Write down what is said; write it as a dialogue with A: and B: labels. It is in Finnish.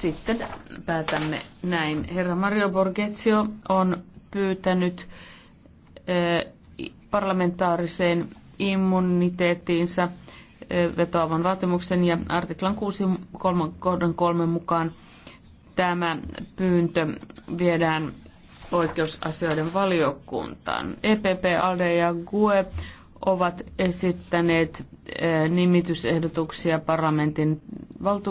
A: Sitten päätämme näin. Herra Mario Borgezio on pyytänyt eh, parlamentaariseen immuniteettiinsa eh, vetoavan vaatimuksen ja artiklan 6 kohdan 3 mukaan tämä pyyntö viedään oikeusasioiden valiokuntaan. EPP, ALDE ja GUE ovat esittäneet eh, nimitysehdotuksia parlamentin
B: valtu